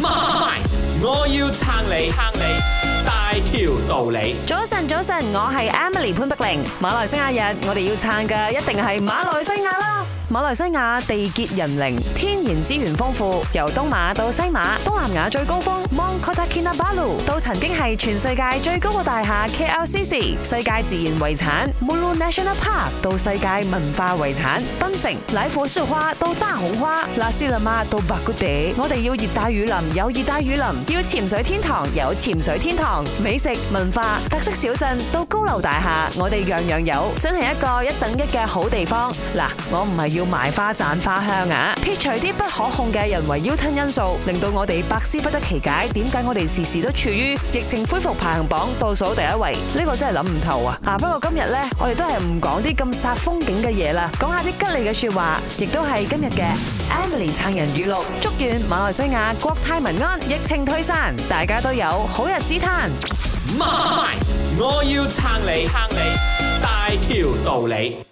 要我要撐你，撐你大條道理。早晨，早晨，我係 Emily 潘碧玲，馬來西亞人，我哋要撐嘅一定係馬來西亞啦。馬來西亞地傑人靈，天然資源豐富。由東馬到西馬，東南亞最高峰 Mount Kinabalu 到曾經係全世界最高嘅大廈 KLCC，世界自然遺產 Mulu National Park 到世界文化遺產檳城、奶花樹花到大紅花、納斯勒馬到白骨地，我哋要熱帶雨林有熱帶雨林，要潛水天堂有潛水天堂，美食文化特色小鎮到高樓大廈，我哋樣樣有，真係一個一等一嘅好地方。嗱，我唔係要。要埋花讚花香啊！撇除啲不可控嘅人為腰吞因素，令到我哋百思不得其解，點解我哋時時都處於疫情恢復排行榜倒數第一位？呢個真係諗唔透啊！啊，不過今日咧，我哋都係唔講啲咁煞風景嘅嘢啦，講下啲吉利嘅說話，亦都係今日嘅 Emily 撐人語錄，祝願馬來西亞國泰民安，疫情退散，大家都有好日子攤。媽咪，我要撐你，撐你大條道理。